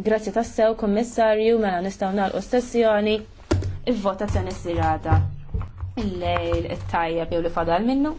Grazzi tassew, kommissarju, mela nistaw nagħlqu ossessjoni il-votazzjoni s-sirata. Il-lejl it-tajja jew li fadal minnu.